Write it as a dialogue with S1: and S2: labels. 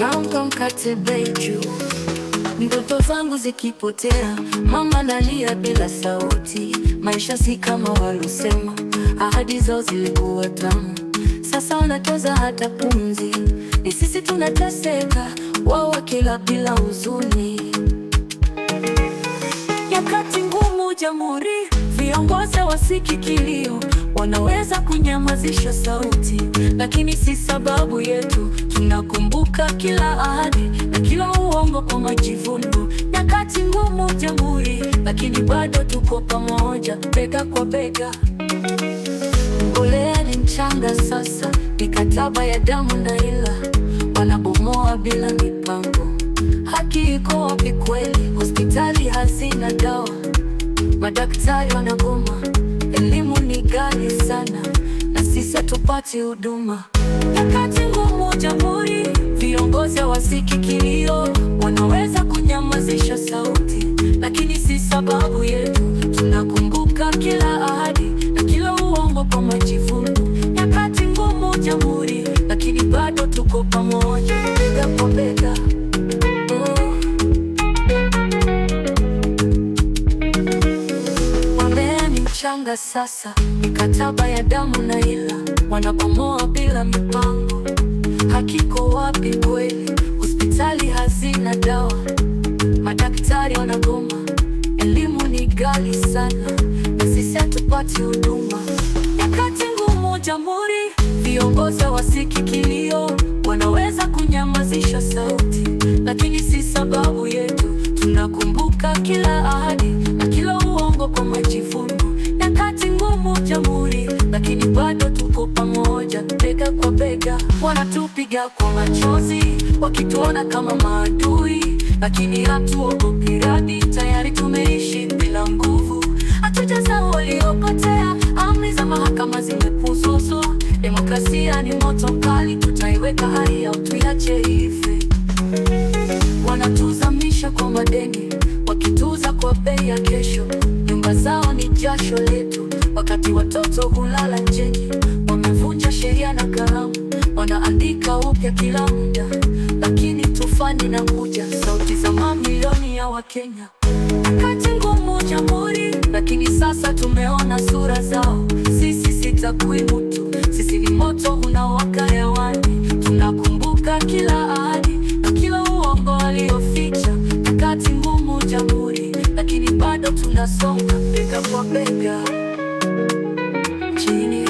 S1: naunga mkate bei juu, ndoto zangu zikipotea, mama nalia bila sauti. Maisha si kama walosema ahadi zao zilikuwa tamu, sasa wanatoza hata pumzi. Ni sisi tunateseka, wao wakila bila huzuni. Nyakati ngumu, Jamhuri Viongozi wasiki wanaweza kunyamazisha sauti, lakini si sababu yetu. Tunakumbuka kila ahadi na kila uongo kwa majivuno. Nyakati ngumu Jamhuri, lakini bado tuko pamoja, bega kwa bega. Mbolea ni mchanga sasa, mikataba ya damu na ila, wanabomoa bila Madaktari wanagoma, elimu ni ghali sana na sisi hatupati huduma. Wakati ngumu jamhuri, viongozi hawasikii kilio, wanaweza kunyamazisha sauti, lakini si sababu yetu. Tunakumbuka kila mchanga sasa, mikataba ya damu na ila wanabomoa bila mipango. Hakiko wapi kweli, hospitali hazina dawa, madaktari wanagoma, elimu ni ghali sana, na sisi hatupati huduma. Nyakati ngumu jamhuri, viongozi hawasikii kilio, wanaweza kunyamazisha sauti, lakini si sababu yetu. Tunakumbuka kila ahadi na kila uongo kwa majivuno ngumu jamhuri, lakini bado tuko pamoja, bega kwa bega. Wanatupiga kwa machozi wakituona kama maadui, lakini hatuogopi radi, tayari tumeishi bila nguvu. Hatujaza waliopotea, amri za mahakama zimepuzuzwa. Demokrasia ni moto kali tutaiweka hai au tuiache ife. Wanatuzamisha kwa madeni, wakituza kwa bei ya kesho. Nyumba zao ni jasho letu wakati watoto hulala nje, wamevunja sheria na kalamu, wanaandika upya kila muda, lakini tufani na kuja sauti za mamilioni ya Wakenya kati ngumu jamhuri, lakini sasa tumeona sura zao. Sisi si takwimu tu, sisi ni moto unawaka hewani. Tunakumbuka kila ahadi na kila uongo walioficha. Wakati ngumu jamhuri, lakini bado tunasonga bega kwa bega. you.